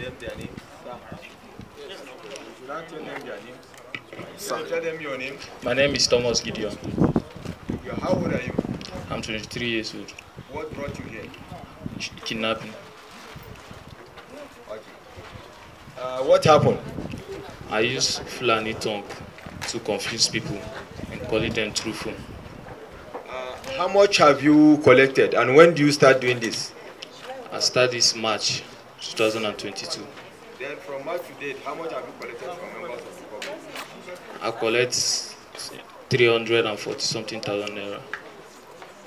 them their names. tell them their names? Sir. Tell them your name. My name is Thomas Gideon. How old are you? I'm 23 years old. What brought you here? Kidnapping. Okay. Uh, what happened? I use Fulani tongue to confuse people and it them truthful. Uh, how much have you collected and when do you start doing this? I start this March 2022. Then from March to date, how much have you collected from members of the public? I collect 340 something thousand naira.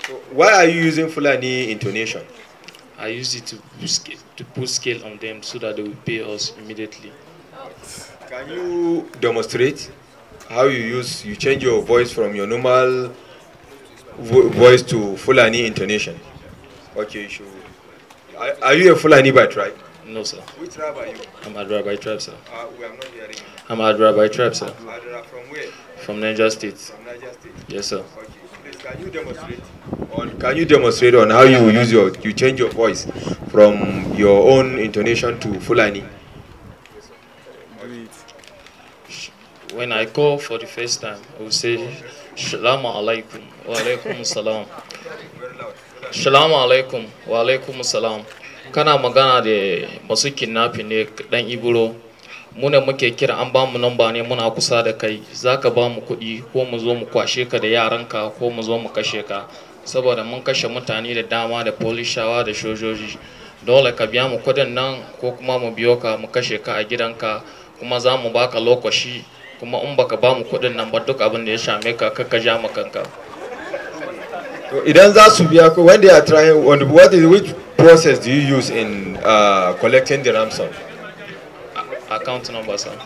So why are you using Fulani intonation? I use it to put, scale, to put scale on them so that they will pay us immediately. Can you demonstrate how you use, you change your voice from your normal vo voice to Fulani intonation? Okay, sure. Are, are you a Fulani by tribe? No, sir. Which tribe are you? I'm Adra by tribe, sir. Uh, we are not hearing you. I'm Adra by tribe, sir. Adra from where? From Niger State. From Niger State? Yes, sir. can you demonstrate on, can you demonstrate on how you use your, you change your voice from your own intonation to Fulani? When I call for the first time, I will say, Shalama alaikum, wa alaikum salam. Shalama alaikum, wa alaikum salam. kana magana da masu kidnapping ne dan iburo muna muke kira an bamu namba ne muna kusa da kai zaka ba mu kuɗi ko mu zo mu kwashe ka da yaranka ko mu zo mu kashe ka saboda mun kashe mutane da dama da polishawa da sojoji dole ka biya mu kuɗin nan ko kuma mu biyo ka mu kashe ka a gidanka kuma za mu baka lokaci kuma in baka ba mu kuɗin nan ba duk abin da ya shame ka ka ja makanka kanka. idan za su biya ko wanda ya try wanda what is which process do you use in uh, collecting the ransom? A account number, sir.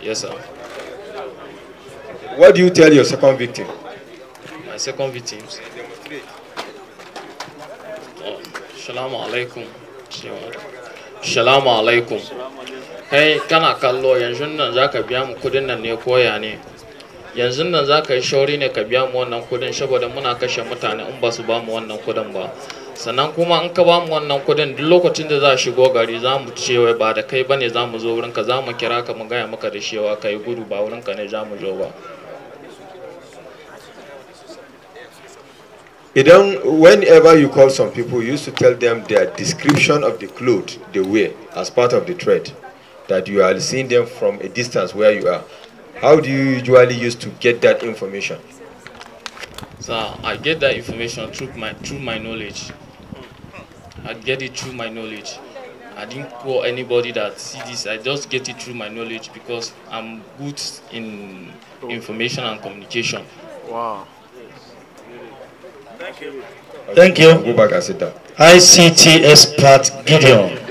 Yes, sir. What do you tell your second victim? My second victim? Oh, Shalom Shalamu alaikum. Shalamu alaikum. Kai kana kallo yanzu nan za ka biya mu kudin nan ne koya ne. yanzu nan zaka yi shauri ne ka biya mu wannan kudin saboda muna kashe mutane in ba su ba mu wannan kudin ba. sannan kuma in ka bamu wannan kudin duk lokacin da za shigo gari za mu ce wai ba da kai bane za mu zo wurinka za mu kira ka mu gaya maka da cewa ka gudu ba wurinka ne za mu zo ba Idan whenever you call some people, you used to tell them their description of the clothes they wear as part of the thread, that you are seeing them from a distance where you are. How do you usually use to get that information? So I get that information through my through my knowledge. I get it through my knowledge. I didn't call anybody that see this. I just get it through my knowledge because I'm good in information and communication. Wow. Thank you. Thank you. go back and sit down. ICT expert Gideon.